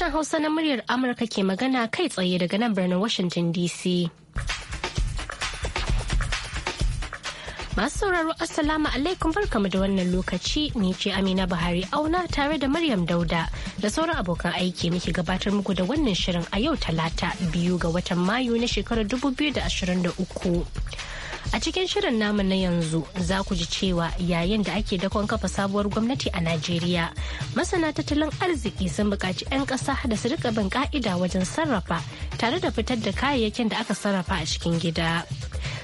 Sashen Hausa na muryar Amurka ke magana kai tsaye daga nan birnin Washington DC. Masu sauraro Assalamu alaikum barkamu da wannan lokaci ni ce Amina Buhari auna tare da Maryam Dauda da sauran abokan aiki muke gabatar muku da wannan shirin a yau talata biyu ga watan Mayu na shekarar 2023. A cikin shirin namu na yanzu za ku ji cewa yayin da ake dakon kafa sabuwar gwamnati a Najeriya, masana tattalin arziki sun buƙaci 'yan ƙasa da su rika bin ƙa'ida wajen sarrafa tare da fitar da kayayyakin da aka sarrafa a cikin gida.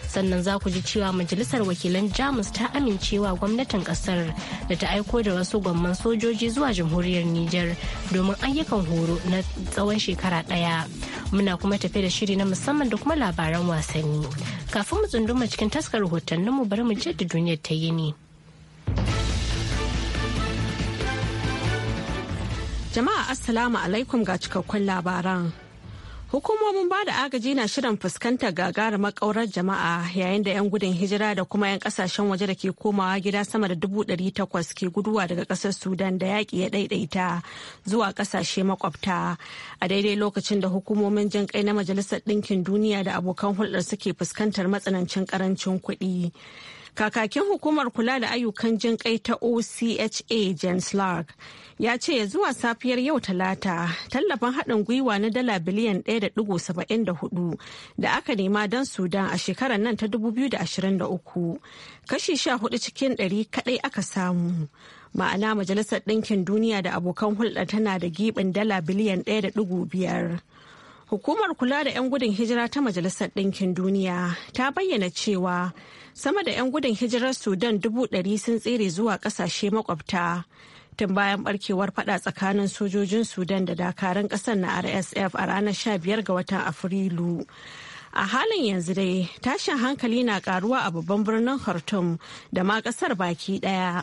sannan za ku ji cewa majalisar wakilan jamus ta amincewa gwamnatin ƙasar da ta aiko da wasu gwamman sojoji zuwa jamhuriyar nijar domin ayyukan horo na tsawon shekara ɗaya. muna kuma tafe da shiri na musamman da kuma labaran wasanni kafin mu tsunduma cikin taskar mu bari mu je da duniyar ta yi yini jama'a assalamu alaikum ga cikakkun labaran Hukumomin ba da agaji na shirin fuskantar gagarumar makaurar jama'a yayin da 'yan gudun hijira da kuma 'yan kasashen waje da ke komawa gida sama da dubu ɗari takwas ke guduwa daga kasar Sudan da yaƙi ya ɗaiɗaita zuwa ƙasashe makwabta. A daidai lokacin da hukumomin jin kai na Majalisar Ɗinkin Duniya da abokan hulɗar suke fuskantar matsanancin ƙarancin kuɗi. Kakakin hukumar kula da ayyukan jin kai ta OCHA James Lark ya ce zuwa safiyar yau talata tallafin haɗin gwiwa na dala biliyan 1.74 da aka nema don Sudan a shekarar nan ta 2023 kashi 14 cikin 100 kaɗai aka samu. Ma'ana Majalisar Ɗinkin Duniya da abokan hulɗa tana da giɓin dala biliyan 1.5. Hukumar kula da 'yan gudun hijira ta Majalisar Ɗinkin Duniya ta bayyana cewa sama da 'yan gudun hijirar Sudan dubu ɗari sun tsere zuwa ƙasashe makwabta. Tun bayan barkewar fada tsakanin sojojin Sudan da dakarun ƙasar na RSF a ranar 15 ga watan Afrilu. a halin yanzu dai tashin hankali na karuwa a babban birnin khartoum da ma ƙasar baki ɗaya.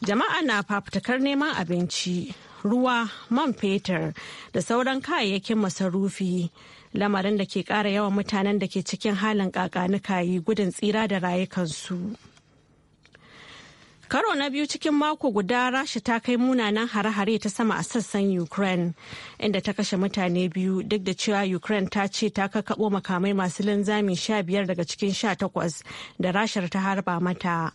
jama'a na fafutukar neman abinci ruwa man fetur da sauran kayayyakin masarufi lamarin da ke ƙara yawan mutanen da ke cikin halin yi gudun tsira da rayukansu. Karo na biyu cikin mako guda rasha ta kai munanan hare-hare ta sama a sassan Ukraine inda ta kashe mutane biyu duk da cewa Ukraine ta ce ta kakabo makamai masu linzami sha biyar daga cikin sha takwas da rashar ta harba mata.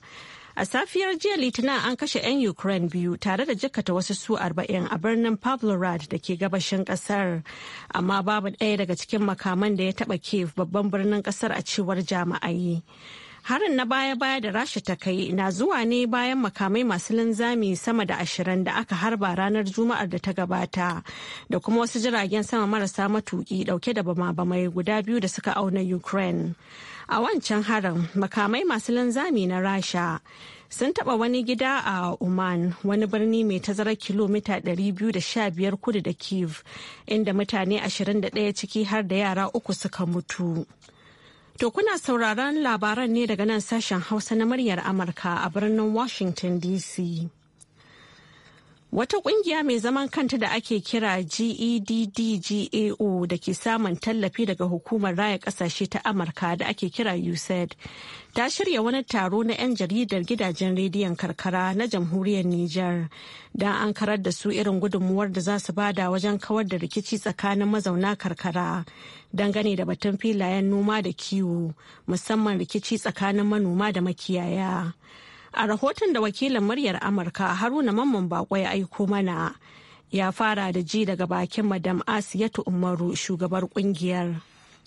A safiyar jiya Litinin an kashe 'yan Ukraine biyu tare da jikata wasu su 40 a birnin pavlorad da ke gabashin kasar. Amma babu ɗaya daga cikin makaman da ya taɓa Kiev babban birnin kasar a cewar jami'ai. Harin na baya-baya da Rasha ta kai na zuwa ne bayan makamai masu linzami sama da ashirin da aka harba ranar Juma'ar da ta gabata da kuma wasu jiragen sama marasa matuki dauke da bama-bamai guda biyu da suka auna Ukraine. a wancan harin makamai masu linzami na rasha sun taba wani gida a Oman wani birni mai tazara kilomita 215 kudu da Kiev inda mutane 21 ciki har da yara uku suka mutu. To kuna sauraron labaran ne daga nan sashen Hausa na muryar Amurka a birnin Washington DC. Wata ƙungiya mai zaman kanta da ake kira GEDDGAO da ke samun tallafi daga hukumar raya ƙasashe ta Amurka da ake kira USAID ta shirya wani taro na 'yan jaridar gidajen rediyon karkara na jamhuriyar Nijar don an karar da su irin gudunmuwar da za su bada wajen kawar da rikici tsakanin mazauna karkara dangane da batun filayen noma da kiwo musamman rikici tsakanin manoma da makiyaya. A rahoton da wakilin muryar Amurka Haruna Mamman Bako ya aiko mana ya fara da ji daga bakin Madam Asiyatu Umaru shugabar kungiyar.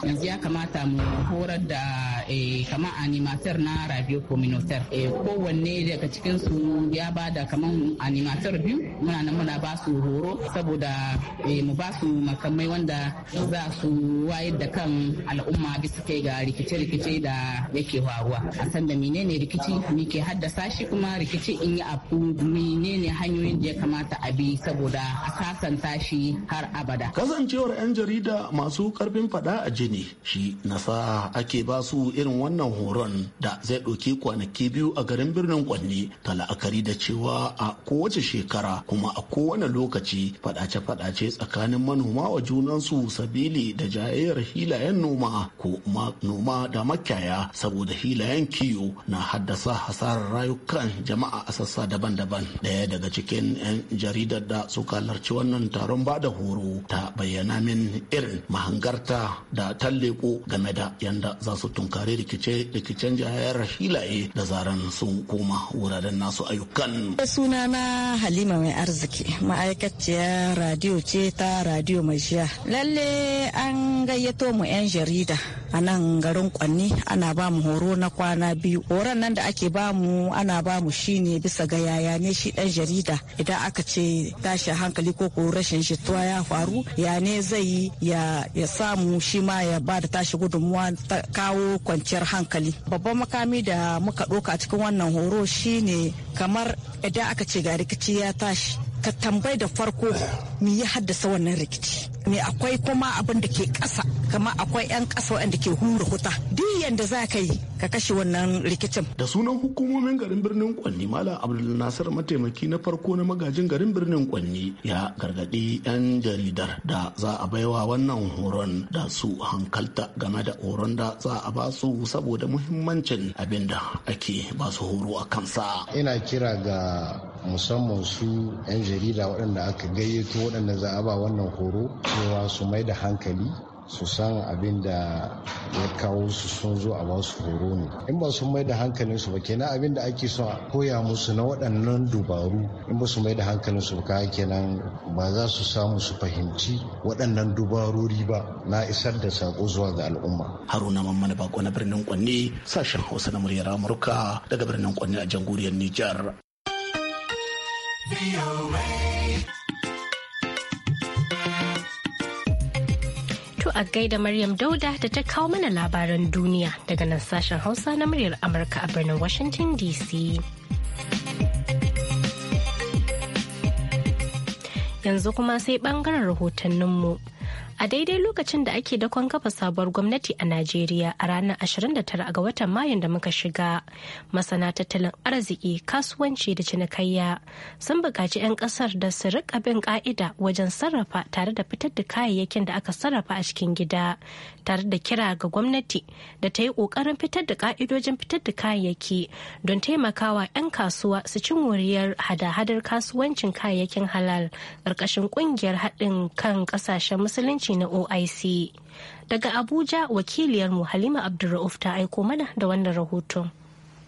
yanzu ya kamata mu horar da eh, kama animatar na radio communautaire eh, kowanne daga cikinsu ya ba da kaman animatar biyu muna nan muna ba su horo saboda eh, mu ba su makamai wanda za su wayar da kan al'umma bisa kai ga rikice-rikice da yake faruwa a san da menene rikici ni ke haddasa shi kuma rikici in yi abu menene hanyoyin da ya kamata a bi saboda a sasanta shi har abada kasancewar 'yan jarida masu karfin fada a ne shi nasa ake ba su irin wannan horon da zai ɗauki kwanaki biyu a garin birnin kwanne ta la'akari da cewa a kowace shekara kuma a kowane lokaci fadace-fadace tsakanin manoma wa junansu sabili da jayayyar hilayen noma ko noma da makyaya saboda hilayen kiyo na haddasa hasarar rayukan jama'a a sassa daban-daban ɗaya daga cikin 'yan jaridar da suka halarci wannan taron bada horo ta bayyana min irin mahangarta da ta leko game da yanda za su tunkari rikicen jihar hilaye da zaran sun koma wuraren nasu ayyukan. sunana halima mai arziki ma'aikaciyar radio ce ta radiyo mai shiya lalle an gayyato mu 'yan jarida a nan garin kwanni ana ba mu horo na kwana biyu horon nan da ake ba mu ana ba mu shine bisa ga yaya ne shi dan jarida idan aka ce tashi hankali ko ko rashin shituwa ya faru ya ne zai ya samu shi ma ya ba da tashi gudunmuwa ta kawo kwanciyar hankali babban makami da muka ɗoka a cikin wannan horo shine kamar idan aka ce ga rikici ya tashi ka tambayi da farko me ya haddasa wannan rikici me akwai kuma abin da ke ƙasa kamar akwai 'yan ƙasa waɗanda ke hura huta duk yadda za ka yi ka kashe wannan rikicin. Da sunan hukumomin garin birnin Kwanni Malam Abdul Nasir mataimaki na farko na magajin garin birnin Kwanni ya gargaɗi 'yan jaridar da za a baiwa wannan horon da su hankalta game da horon da za a ba su saboda muhimmancin abin da ake ba su horo a kansa. Ina kira ga musamman su 'yan jarida waɗanda aka gayyato waɗanda za a ba wannan horo cewa su mai da hankali su san abin da ya kawo su sun zo a basu horo ne in ba su mai da hankalin su ba kenan abin da ake so a koya musu na waɗannan dubaru in ba su mai da hankalin su ba kenan ba za su samu su fahimci waɗannan dubarori ba na isar da sako zuwa ga al'umma haruna mamman bako na birnin kwanne sashen hausa na muryar amurka daga birnin kwanne a jamhuriyar nijar. a gaida Maryam Dauda da ta kawo mana labaran duniya daga nan sashen Hausa na muryar Amurka a birnin Washington DC. Yanzu kuma sai bangaren rahotanninmu. mu. a daidai lokacin da ake dakon kafa sabuwar gwamnati a najeriya a ranar 29 ga watan mayun da muka shiga masana tattalin arziki kasuwanci da cinikayya sun buƙaci 'yan ƙasar da su riƙa bin ƙa'ida wajen sarrafa tare da fitar da kayayyakin da aka sarrafa a cikin gida tare da kira ga gwamnati da ta yi ƙoƙarin fitar da ƙa'idojin fitar da kayayyaki don taimakawa 'yan kasuwa su cin wuriyar hada-hadar kasuwancin kayayyakin halal ƙarƙashin ƙungiyar haɗin kan ƙasashen musulunci adalci na oic daga abuja wakiliyarmu halima abdulra'uf ta aiko mana da wannan rahoton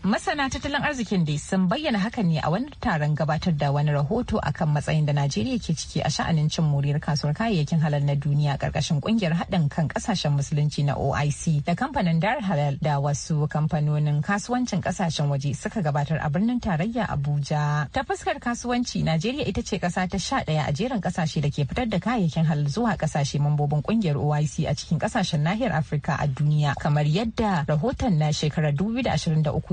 Masana tattalin arzikin dai sun bayyana hakan ne a wani taron gabatar da wani rahoto akan matsayin da Najeriya ke ciki a sha'anin cin muriyar kasuwar kayayyakin halal na duniya karkashin kungiyar haɗin kan kasashen musulunci na OIC da kamfanin Dar Halal da wasu kamfanonin kasuwancin kasashen waje suka gabatar a birnin tarayya Abuja. Ta fuskar kasuwanci Najeriya ita ce kasa ta sha ɗaya a jerin kasashe da ke fitar da kayayyakin halal zuwa kasashe mambobin kungiyar OIC a cikin kasashen nahiyar Afirka a duniya kamar yadda rahoton na shekarar 2023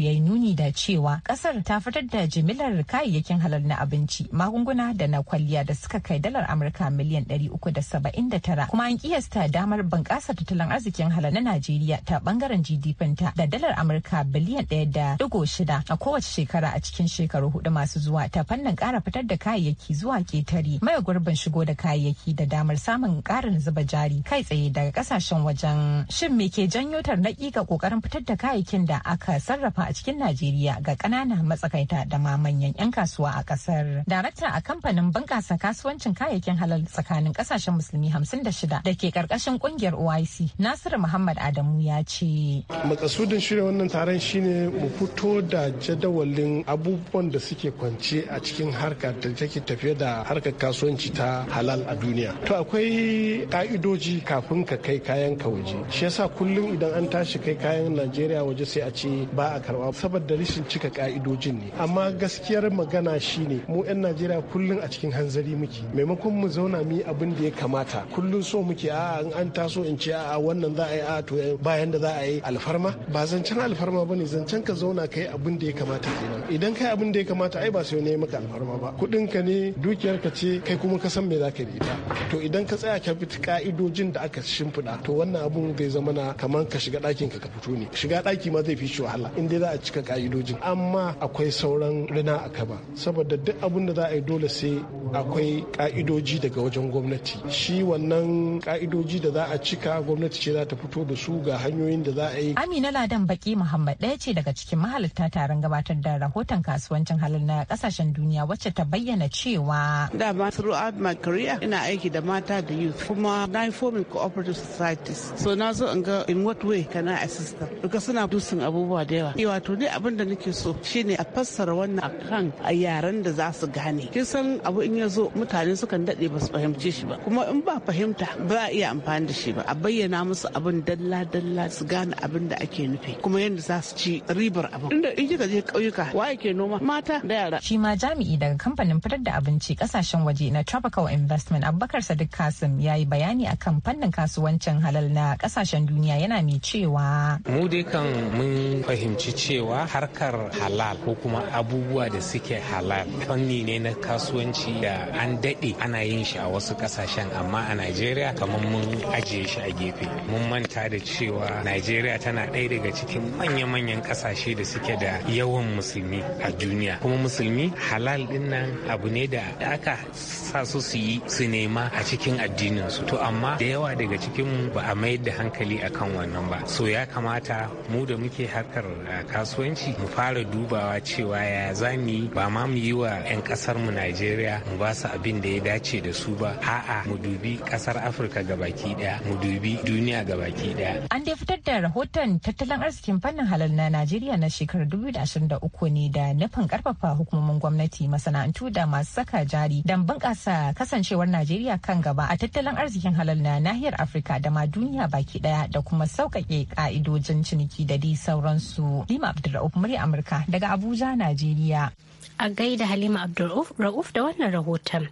ya bai nuni da cewa kasar ta fitar da jimillar kayayyakin halal na abinci magunguna da na kwalliya da suka kai dalar amurka miliyan 379 kuma an kiyasta damar bunƙasar tattalin arzikin halal na najeriya ta bangaren gdp ta da dalar amurka biliyan 1.6 a kowace shekara a cikin shekaru hudu masu zuwa ta fannin kara fitar da kayayyaki zuwa ketare mai gurbin shigo da kayayyaki da damar samun karin zuba jari kai tsaye daga kasashen wajen shin me ke janyo tarnaƙi ga ƙoƙarin fitar da kayayyakin da aka sarrafa a cikin cikin Najeriya ga ƙananan matsakaita da ma manyan 'yan kasuwa a ƙasar. Darakta a kamfanin bunƙasa kasuwancin kayayyakin halal tsakanin ƙasashen musulmi 56 da ke ƙarƙashin ƙungiyar OIC Nasiru Muhammad Adamu ya ce. Makasudin shirya wannan taron shine mu fito da jadawalin abubuwan da suke kwance a cikin harka da take tafiya da harkar kasuwanci ta halal a duniya. To akwai ka'idoji kafin ka kai kayan ka waje. Shi yasa kullum idan an tashi kai kayan Najeriya waje sai a ce ba a karɓa saboda rashin cika ka'idojin ne amma gaskiyar magana shine mu 'yan najeriya kullum a cikin hanzari muke maimakon mu zauna mu yi abin da ya kamata kullum so muke a an taso in ce a wannan za a yi a to eh, bayan da za a yi alfarma ba zancen alfarma bane zancen ka zauna ka yi abin da ya kamata kenan idan kai abin da ya kamata ai ba sai ne maka alfarma ba kudin ka ne dukiyar ka ce kai kuma ka san me za ka yi ita to idan ka tsaya ka bi ka'idojin da aka shimfiɗa to wannan abun zai zama na kamar ka shiga ɗakin ka ka fito ne shiga ɗaki ma zai fi shi wahala in dai za a cika ka'idojin amma akwai sauran rina a kaba saboda duk abin da za a yi dole sai akwai ka'idoji daga wajen gwamnati shi wannan ka'idoji da za a cika gwamnati ce za ta fito da su ga hanyoyin da za a yi amina ladan baki muhammad ɗaya ce daga cikin mahalarta taron gabatar da rahoton kasuwancin halin na kasashen duniya wacce ta bayyana cewa dama throughout my career ina aiki da mata da youth kuma na yi forming cooperative societies so na zo in ga in what way can i assist them because suna dusin abubuwa da yawa wato ni abin da nake so shine a fassara wannan akan a yaran da za su gane kin san abu in ya zo mutane sukan dade ba su fahimce shi ba kuma in ba fahimta ba a iya amfani da shi ba a bayyana musu abin dalla dalla su gane abin da ake nufi kuma yadda za su ci ribar abin inda in kika je kauyuka wa ke noma mata da yara shi ma jami'i daga kamfanin fitar da abinci kasashen waje na Tropical Investment Abubakar Sadiq Kasim ya yi bayani akan fannin kasuwancin halal na kasashen duniya yana mai cewa mu dai kan mun fahimci cewa cewa harkar halal ko kuma abubuwa da suke halal fanni ne na kasuwanci da an daɗe ana yin shi a wasu ƙasashen amma a Najeriya kamar mun ajiye shi a gefe. Mun manta da cewa Najeriya tana ɗaya daga cikin manya-manyan ƙasashe da suke da yawan musulmi a duniya. Kuma musulmi halal ɗin nan abu ne da aka sa su su yi su nema a cikin addininsu. To amma da yawa daga cikin ba a mayar da hankali akan wannan ba. So ya kamata mu da muke harkar eh, kasuwanci kasuwanci mu fara dubawa cewa ya za mu yi ba ma mu yi wa 'yan kasar mu najeriya mu ba su abin da ya dace da su ba a'a mu dubi kasar afirka ga baki daya mu dubi duniya ga gabaki daya an dai fitar da rahoton tattalin arzikin fannin halal na najeriya na shekarar 2023 ne da nufin karfafa hukumomin gwamnati masana'antu da masu saka jari dan bunƙasa kasancewar najeriya kan gaba a tattalin arzikin halal na nahiyar afirka da ma duniya baki daya da kuma sauƙaƙe ƙa'idojin ciniki da dai sauransu lima Abdulrauf murya Amurka daga Abuja, Najeriya. A gaida Halima Abdulrauf da wannan rahoton.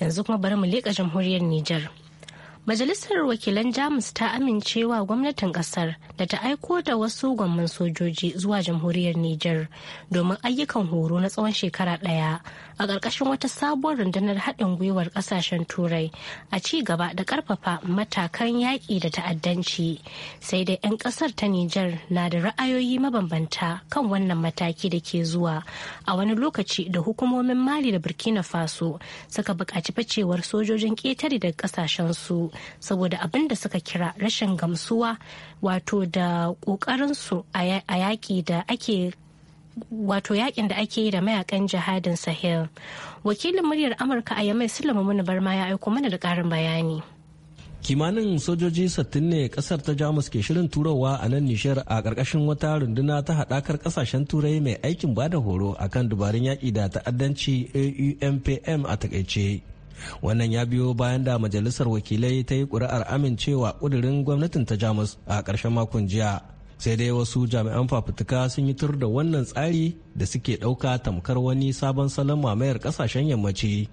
Yanzu kuma bari mu leƙa jamhuriyar Nijar. Majalisar Wakilan Jamus ta amincewa gwamnatin kasar da ta aiko da wasu gwamman sojoji zuwa jamhuriyar Nijar domin ayyukan horo na tsawon shekara ɗaya a ƙarƙashin wata sabuwar rundunar haɗin gwiwar ƙasashen Turai a ci gaba da ƙarfafa matakan yaƙi da ta'addanci. Sai dai 'yan ƙasar ta Nijar na da ra'ayoyi mabambanta kan wannan mataki da ke zuwa a wani lokaci da hukumomin Mali da Burkina Faso suka buƙaci ficewar sojojin ƙetare daga ƙasashen su. saboda abin da suka kira rashin gamsuwa wato da ƙoƙarinsu a yaƙi da ake wato yakin da ake yi da mayakan jihadin sahel wakilin muryar amurka a yamai sulama muni barma ya aiko mana da karin bayani kimanin sojoji sattin ne kasar ta jamus ke shirin turowa a nan nishar a ƙarƙashin wata runduna ta haɗakar ƙasashen turai mai aikin bada horo akan dubarun yaƙi da ta'addanci aumpm a takaice wannan ya biyo bayan da majalisar wakilai ta yi ƙuri'ar amincewa ƙudurin gwamnatin ta jamus a ƙarshen makon jiya sai dai wasu jami'an fafutuka sun yi tur da wannan tsari da suke ɗauka tamkar wani sabon salon mamayar ƙasashen yammaci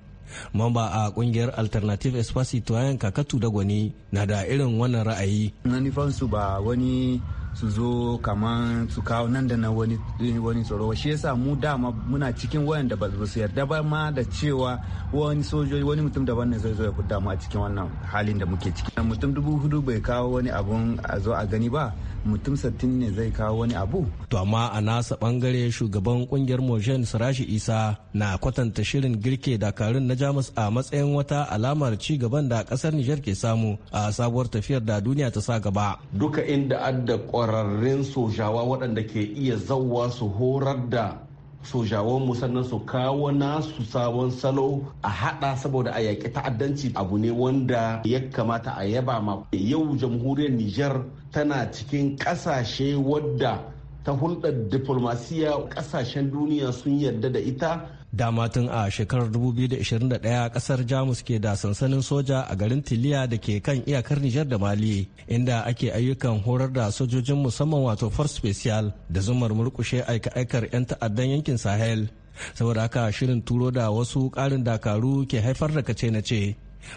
mamba a kungiyar alternative espacito yayan kakatu da gwani na da irin wannan ra'ayi manufansu ba wani su zo kaman su kawo nan da na wani tsoro tsoro shi yasa mu dama muna cikin wayanda ba su yarda ba ma da cewa wani sojoji wani mutum daban ne zai zo ya fudda mu a cikin wannan halin da muke ciki mutum dubu hudu bai kawo wani abun a zo a gani ba mutum sattin ne zai kawo wani abu to amma a nasa bangare shugaban kungiyar mojen sarashi isa na kwatanta shirin girke dakarun na jamus a matsayin wata alamar ci gaban da kasar nijar ke samu a sabuwar tafiyar da duniya ta sa gaba duka inda adda kwararrun sojawa waɗanda ke iya zauwa su horar da sojawanmu sannan su kawo nasu sabon salo a hada saboda a yaƙi ta'addanci abu ne wanda ya kamata a yaba ma yau jamhuriyar Nijar tana cikin ƙasashe wadda ta hulɗar diplomasiya ƙasashen duniya sun yarda da ita dama tun a shekarar 2021 kasar jamus ke da sansanin soja a garin tiliya da ke kan iyakar nijar da mali inda ake ayyukan horar da sojojin musamman wato force special da zumar murkushe aika-aikar 'yan ta'addan yankin sahel saboda haka shirin turo da wasu karin dakaru ke haifar da kace na ce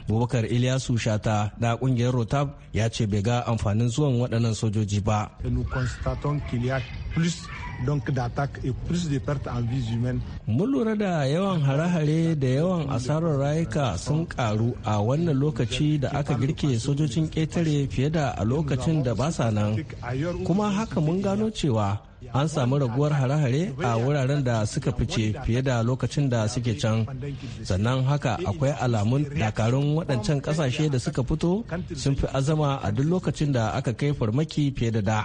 Bubakar Ilyasu Shata na kungiyar Rotab ya ce bai ga amfanin zuwan waɗannan sojoji ba. Mun lura da yawan hare-hare da yawan asarar rayuka sun karu a wannan lokaci da aka girke sojojin ƙetare fiye da a lokacin da ba sa nan. Kuma haka mun gano cewa an samu raguwar hare-hare a wuraren da suka fice fiye da lokacin da suke can sannan haka akwai alamun dakarun waɗancan ƙasashe da suka fito sun fi azama a duk lokacin da aka kai farmaki fiye da da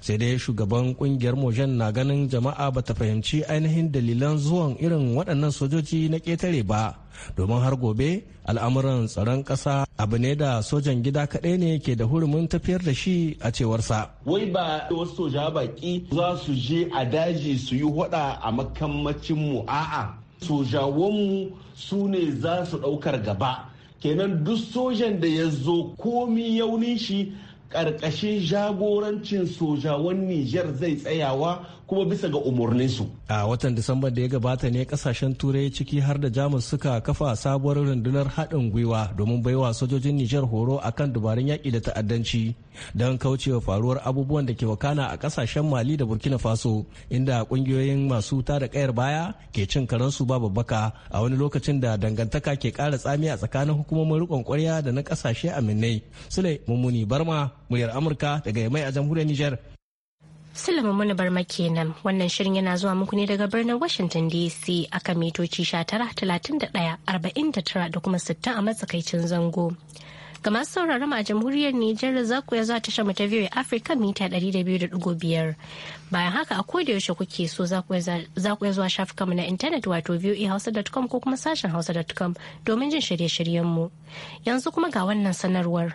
sai dai shugaban ƙungiyar mojan na ganin jama'a bata fahimci ainihin dalilan zuwan irin waɗannan sojoji na ƙetare ba domin har gobe al'amuran tsaron ƙasa abu ne da sojan gida kaɗai ne ke da hurumin tafiyar da shi a cewarsa. Wai ba wasu soja baƙi za su je a daji su yi hoda a makamacin mu a'a sojawanmu su ne za su ɗaukar gaba kenan duk sojan da ya zo komi yaunin shi ƙarƙashin jagorancin sojawan Nijar zai tsayawa kuma bisa ga umarnin su A watan Disamba da ya gabata ne kasashen Turai ciki har da Jamus suka kafa sabuwar rundunar haɗin gwiwa domin baiwa sojojin Nijar horo akan dubarun yaƙi da ta'addanci don kaucewa faruwar abubuwan da ke wakana a kasashen Mali da Burkina Faso inda ƙungiyoyin masu tada kayar baya ke cin karansu ba babbaka a wani lokacin da dangantaka ke ƙara tsami a tsakanin hukumomin riƙon ƙwarya da na ƙasashe aminai. Sule Mummuni Barma, muryar Amurka daga Yamai a jamhuriyar Nijar. Sulaiman muna Barma kenan wannan shirin yana zuwa muku ne daga birnin Washington DC akan mitoci 19,31,49 da kuma 60 a matsakaicin zango. Ga masu sauraron mu a jamhuriyar Nijar za ku ya zuwa tashar mu ta VOA Africa mita 200.5. Bayan haka a koda yaushe kuke so za ku ya zuwa shafukan mu na intanet wato voahausa.com ko kuma sashen hausa.com domin jin shirye-shiryen mu. Yanzu kuma ga wannan sanarwar.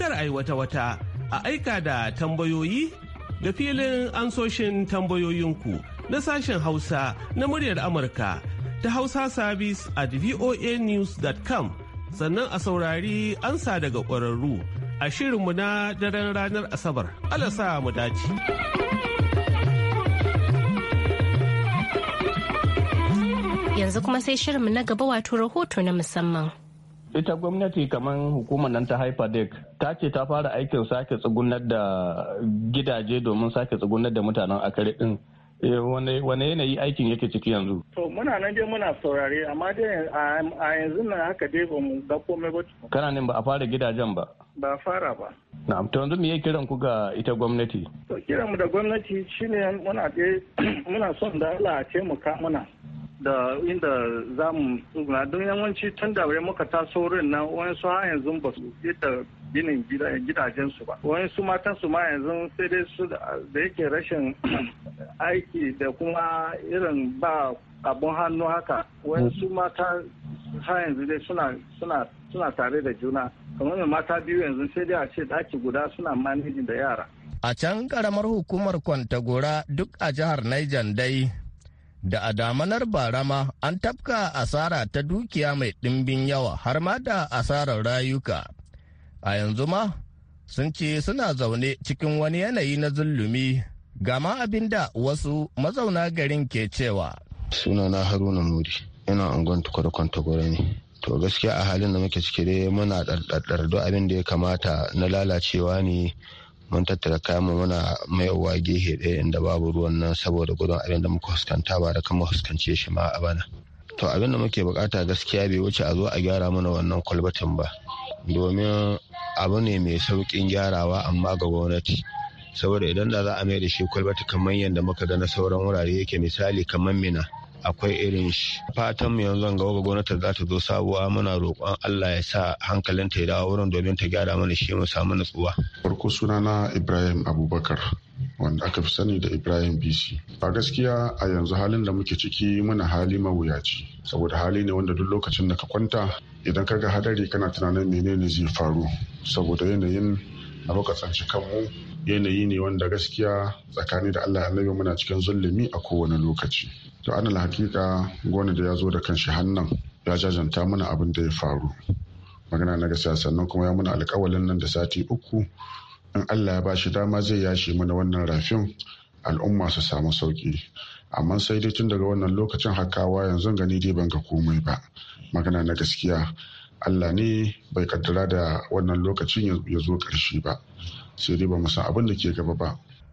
kar a yi wata-wata a aika da tambayoyi da filin ansoshin tambayoyinku na sashen hausa na muryar amurka ta hausa service at voanews.com sannan a saurari ansa daga kwararru a shirinmu na daren ranar asabar alasa mu dace. yanzu kuma sai shirinmu na gaba wato rahoto na musamman ita gwamnati kamar hukumar nan ta hyperdeck ta ce ta fara aikin sake tsugunar da gidaje domin sake tsugunar da mutanen akare din eh, wane yanayi aikin yake ciki yanzu to muna nan dai muna saurare amma dai a yanzu na haka dai ba mu ga komai ba kana nan ba a fara gidajen ba ba fara ba na'am to yanzu me kiran ku ga ita gwamnati to kiran mu da gwamnati shine muna dai muna son da Allah ya taimaka muna da inda za mu tsuguna don yawanci tun da muka taso rin nan wani su har yanzu ba su yadda ginin gidajensu ba wani su matan su ma yanzu sai dai su da yake rashin aiki da kuma irin ba abun hannu haka wani su mata har yanzu dai suna tare da juna kamar mata biyu yanzu sai dai a ce daki guda suna manajin da yara a can karamar hukumar kwantagora duk a jihar Niger dai da a damanar barama an tafka asara ta dukiya mai ɗimbin yawa har ma da asarar rayuka a yanzu ma sun ce suna zaune cikin wani yanayi na zullumi gama abin da wasu mazauna garin ke cewa suna na haruna muri yana angon tukwarkon tagwara ne to gaskiya a halin da muke ciki dai muna ɗarɗarɗar duk abin da ya kamata na lalacewa ne mun tattara kayan mu muna mayowa gehe ɗaya inda babu ruwan nan saboda gudun abin da muka huskanta ba da kama huskance shi ma a bana to abin da muke bukata gaskiya bai wuce a zo a gyara mana wannan kwalbatin ba domin abu ne mai sauƙin gyarawa amma ga gwamnati saboda idan da za a mai da shi kwalbati kamar yadda muka ga na sauran wurare yake misali kamar mina akwai irin shi fatan mu yanzu ga ga gwamnati za ta zo sabuwa muna roƙon Allah ya sa hankalin ta ya dawo wurin domin ta gyara mana shi mu samu nutsuwa farko na Ibrahim Abubakar wanda aka fi sani da Ibrahim BC ba gaskiya a yanzu halin da muke ciki muna hali mawuyaci saboda hali ne wanda duk lokacin da ka kwanta idan ka ga hadari kana tunanin menene zai faru saboda yanayin na tsanci kanmu yanayi ne wanda gaskiya tsakani da Allah annabi muna cikin zulumi a kowane lokaci to anal hakika gona da ya zo da kanshi hannan ya jajanta mana abin da ya faru magana na gaskiya sannan kuma ya muna alkawalin nan da sati uku in Allah ya bashi dama zai yashe mana wannan rafin al'umma su samu sauki amma sai dai tun daga wannan lokacin hakawa yanzu gani dai ban ga komai ba magana na gaskiya Allah ne bai kaddara da wannan lokacin ya zo ƙarshe ba sai dai ba mu san abin da ke gaba ba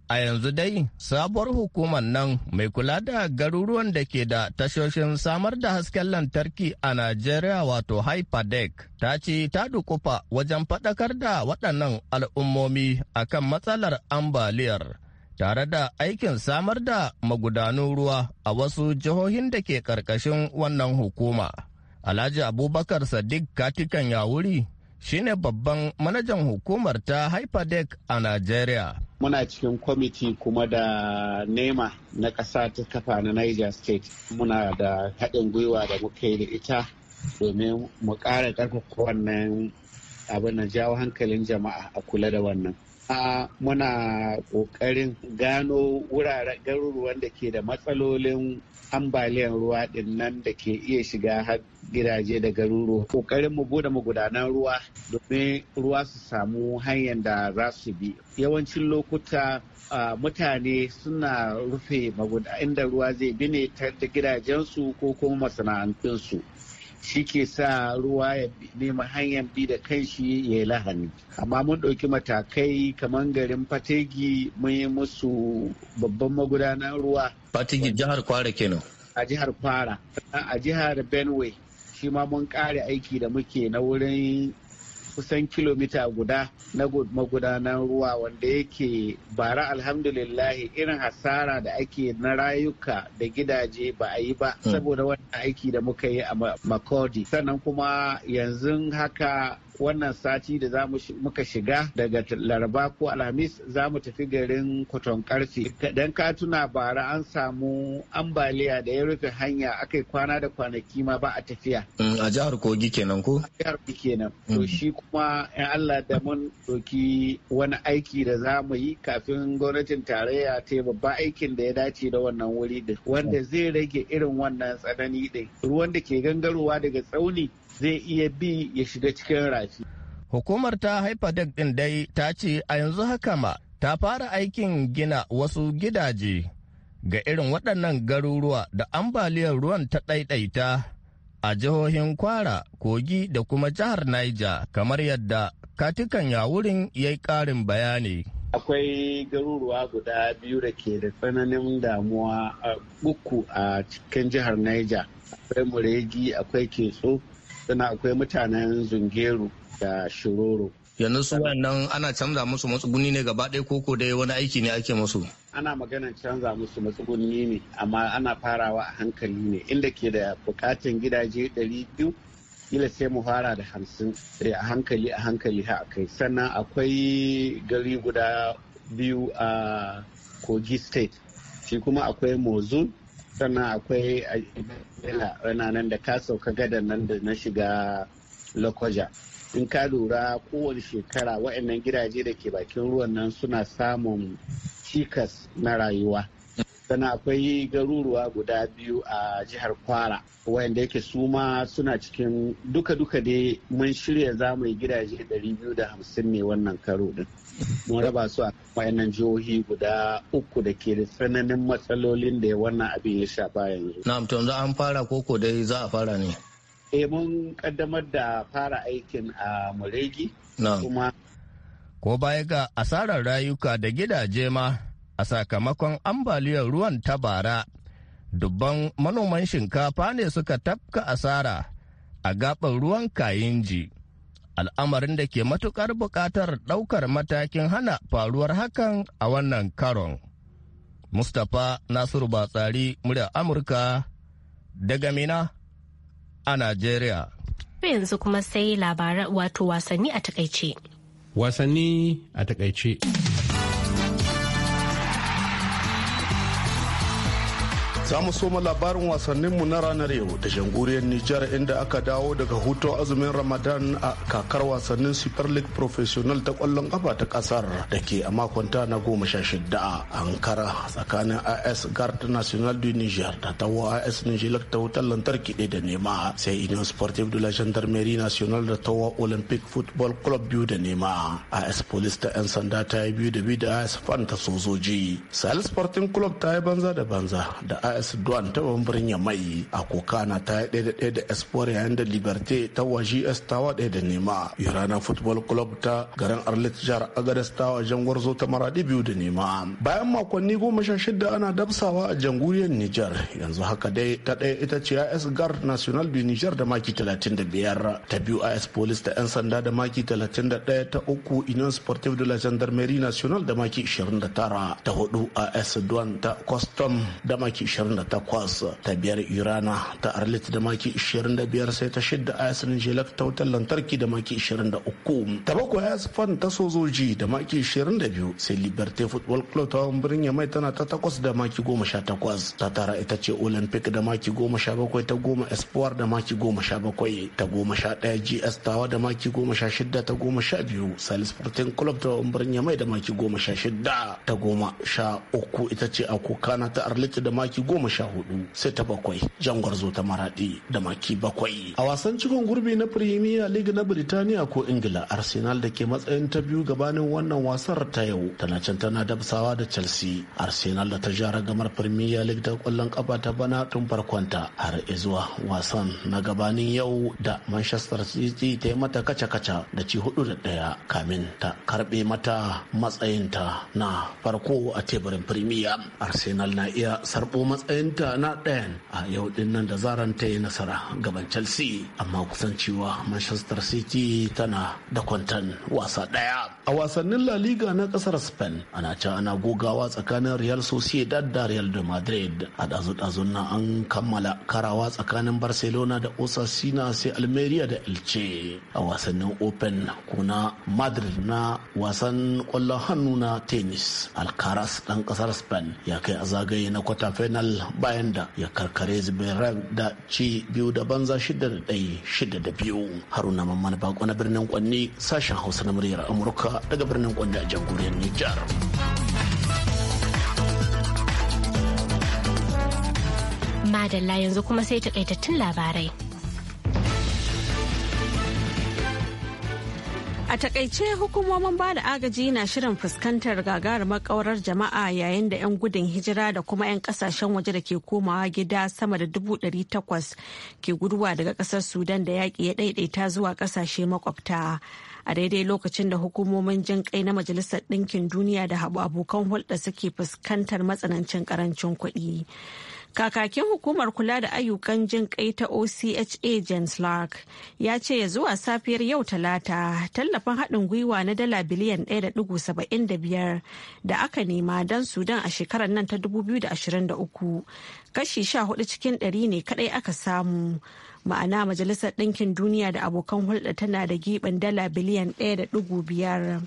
A yanzu dai, sabuwar hukumar nan mai kula da garuruwan da ke da tashoshin samar da hasken lantarki a Najeriya wato Hyperdeck ta ce ta dukufa wajen faɗakar da waɗannan al'ummomi akan matsalar ambaliyar tare da aikin samar da magudanun ruwa a wasu jihohin da ke ƙarƙashin wannan hukuma. Alhaji Abubakar Sadiq Katikan wuri? shine babban manajan hukumar ta hyperdeck a Najeriya. Muna cikin kwamiti kuma da nema na ƙasa ta kafa na Niger State. Muna da haɗin gwiwa da muka yi da ita domin mu ƙara ƙarfafa wannan abin na jawo hankalin jama'a a kula da wannan. a muna ƙoƙarin gano wuraren garuruwan da ke da matsalolin ambaliyar ruwa din nan da ke iya shiga har gidaje da garuruwa ƙoƙarin mu bude magudanan ruwa domin ruwa su samu hanyar da za su bi yawancin lokuta mutane suna rufe inda ruwa zai bi ne ta gidajensu ko kuma masana'antunsu shi ke sa ruwa ya nema hanyar bi da kanshi ya yi lahani amma mun ɗauki matakai kamar garin fategi mun yi musu babban magudanar ruwa fategi jihar kwara kenan a jihar kwara a jihar benue shi ma mun ƙare aiki da muke na wurin kusan kilomita guda na magudanan ruwa wanda yake bara alhamdulillahi irin hasara da ake na rayuka da gidaje ba a yi ba hmm. saboda wannan aiki da muka yi a makodi sannan kuma yanzu haka wannan sati da za mu muka shiga daga laraba ko alhamis za mu tafi garin kwaton karfe don ka tuna bara an samu ambaliya da ya rufe hanya aka kwana da kwanaki ma ba a tafiya mm, a jihar kogi kenan ko a jihar kogi kenan mm. to shi kuma in allah da mun doki wani aiki da za mu yi kafin gwamnatin tarayya ta yi babban aikin da ya dace da wannan wuri din wanda zai rage irin wannan tsanani din ruwan da ke gangarowa daga tsauni zai iya bi ya shiga cikin rafi. Hukumar ta haifa duk ɗin dai ta ce a yanzu haka ma ta fara aikin gina wasu gidaje ga irin waɗannan garuruwa da ambaliyar ruwan ta ɗaiɗaita a jihohin Kwara, Kogi da kuma jihar Niger kamar yadda katikan yawurin ya yi ƙarin bayani. akwai garuruwa guda biyu da ke da tsananin damuwa uku a cikin jihar niger akwai muregi akwai ketso sannan akwai mutanen zungeru da shiroro yanzu su wannan ana canza musu matsuguni ne gaba ɗaya koko dai wani aiki ne ake musu ana maganar canza musu matsuguni ne amma ana farawa a hankali ne inda ke da bukatun gidaje 200 kila sai mu fara da hamsin eh, a hankali a hankali ha kai sannan akwai gari guda biyu a kogi state shi kuma akwai mozun sannan akwai yana nan da ka sauka gadan nan da na shiga lokoja in ka lura kowane shekara waɗannan gidaje da ke bakin ruwan nan suna samun cikas na rayuwa sannan akwai garuruwa guda biyu a jihar kwara wanda yake su ma suna cikin duka-duka dai mun shirya za mu yi gidaje 250 ne wannan karo din mun raba su a wayannan jihohi guda uku da ke da tsananin matsalolin da wannan abin ya shafa yanzu na'am to yanzu an fara koko dai za a fara ne eh mun kaddamar da fara aikin a muregi kuma ko baya ga asarar rayuka da gidaje ma a sakamakon ambaliyar ruwan ta bara dubban manoman shinkafa ne suka tafka asara a gaɓar ruwan kayinji al'amarin da ke matukar buƙatar ɗaukar matakin hana faruwar hakan a wannan karon mustapha nasiru batsari murya amurka daga mina a najeriya yanzu kuma sai labaran wato wasanni a takaice wasanni a takaice Za mu soma labarin wasanninmu na ranar yau da shanguriyar Nijar inda aka dawo daga hutu azumin Ramadan a kakar wasannin Super League Professional ta kwallon kafa ta kasar da ke a makonta na goma sha shida a Ankara tsakanin AS Guard National du Niger da tawo AS Niger ta wutar lantarki ɗaya da nema sai Union Sportive de la Gendarmerie National da tawo Olympic Football Club biyu da nema AS Police ta 'yan sanda ta yi biyu da biyu da AS Fan ta sojoji. sal Sporting Club ta yi banza da banza da AS Duan ta bambarin Yamai a Kokana ta yi ɗaya da ɗaya da Espor yayin da Liberté ta wa GS Tawa ɗaya da nema. Irana Football Club ta garin Arlit jihar Agadez ta wa Jangwarzo ta Maradi biyu da nema. Bayan makonni goma sha shida ana dabsawa a jamhuriyar Nijar yanzu haka dai ta ɗaya ita ce AS Gar National du Nijar da maki 35 ta biyu AS Police ta 'yan sanda da maki 31 ta uku Union Sportive de la Gendarmerie National da maki 29 ta hudu AS Duan ta Custom da maki 20 28 ta biyar urana ta arlit da maki 25 sai ta shidda a ayasin jelak ta wutar lantarki da maki 23 ta bakwai fan ta sojoji da maki 22 sai liberty football club ta birnin mai tana ta takwas da maki 18 ta tara ita ce olympic da maki 17 ta goma espoir da maki 17 ta goma sha daya gs tawa da maki 16 ta goma 12 salis sporting club ta birnin mai da maki 16 ta goma sha uku ita ce akokana ta arlit da maki 10 goma sha hudu sai ta bakwai jan gwarzo ta maradi da maki bakwai a wasan cikin gurbi na premier league na birtaniya ko ingila arsenal da ke matsayin ta biyu gabanin wannan wasar ta yau tana can tana dabsawa da chelsea arsenal da ta ja ragamar premier league ta kwallon kafa ta bana tun farkonta har zuwa wasan na gabanin yau da manchester city ta yi mata kaca-kaca da ci hudu da daya kamin ta karbe mata matsayinta na farko a teburin premier arsenal na iya sarbo matsayin matsayinta na ɗayan a yau ɗin nan da zaran ta yi nasara gaban chelsea amma kusan cewa manchester city tana da kwantan wasa ɗaya a wasannin la liga na ƙasar spain ana can ana gogawa tsakanin real sociedad da real de madrid a ɗazu-ɗazun na an kammala karawa tsakanin barcelona da osasuna sai almeria da elche a wasannin open kuna madrid na wasan ƙwallon hannu na tennis alcaraz ɗan ƙasar spain ya kai a zagaye na kwata final bayan da ya karkare Zubairar da ci biyu da banza shida da ɗaya shida da biyu. Haruna Mamman Bako na birnin Kwanni sashen Hausa na muryar Amurka daga birnin Kwanni a jamhuriyar Nijar. Madalla yanzu kuma sai ta takaitattun labarai. A takaice hukumomin ba da agaji na shirin fuskantar gagarumar kaurar jama'a yayin da 'yan gudun hijira da kuma 'yan kasashen waje da ke komawa gida sama da dubu takwas ke guduwa daga kasar Sudan da yaƙi ya ɗaiɗaita zuwa kasashe makwabta. a daidai lokacin da hukumomin jin kai na majalisar ɗinkin duniya da abokan hulɗa suke fuskantar matsanancin ƙarancin kuɗi Kakakin hukumar kula da ayyukan jin kai ta OCHA James Lark ya ce ya zuwa safiyar yau talata tallafin haɗin gwiwa na dala biliyan 1.75 da aka nema don Sudan a shekarar nan ta 2023 kashi 14 cikin 100 ne kadai aka samu. Ma'ana Majalisar Ɗinkin Duniya da abokan hulɗa tana da giɓin dala biliyan 1.5.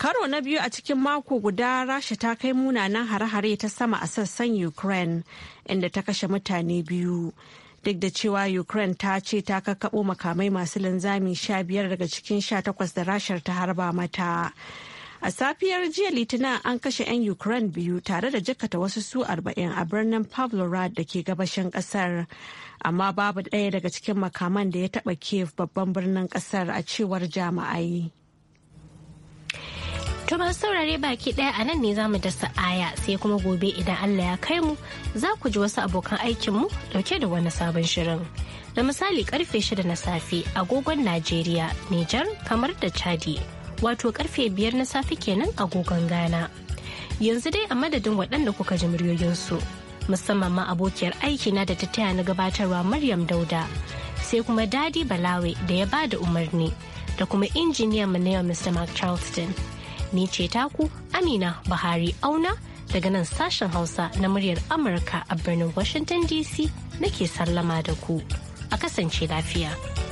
Karo na biyu a cikin mako guda Rasha ta kai munanan hare-hare ta sama a sassan Ukraine inda ta kashe mutane biyu. Duk da cewa Ukraine ta ce ta kakkaɓo makamai masu linzami sha biyar daga cikin sha takwas da rashar ta harba mata. A safiyar jiya Litinin an kashe 'yan Ukraine biyu tare da jikkata wasu su arba'in a birnin Pavlorad da ke gabashin kasar. Amma babu ɗaya daga cikin makaman da ya taɓa Kiev babban birnin kasar a cewar jama'ai. To masu saurare baki ɗaya a nan ne za mu dasa aya sai kuma gobe idan Allah ya kai mu za ku ji wasu abokan aikinmu ɗauke da wani sabon shirin. Da misali karfe shida na safe agogon Najeriya, Nijar, kamar da Chadi, wato karfe biyar na safe kenan agogon Ghana. Yanzu dai a madadin waɗanda kuka ji muryoyinsu, musamman ma abokiyar aikina da ta taya na gabatarwa Maryam Dauda, sai kuma Dadi Balawe da ya ba da umarni, da kuma injiniyan mu na yau Mr. Mark Charleston. ni ce taku Amina Buhari Auna daga nan sashen Hausa na muryar Amurka a birnin Washington DC nake sallama da ku. A kasance lafiya.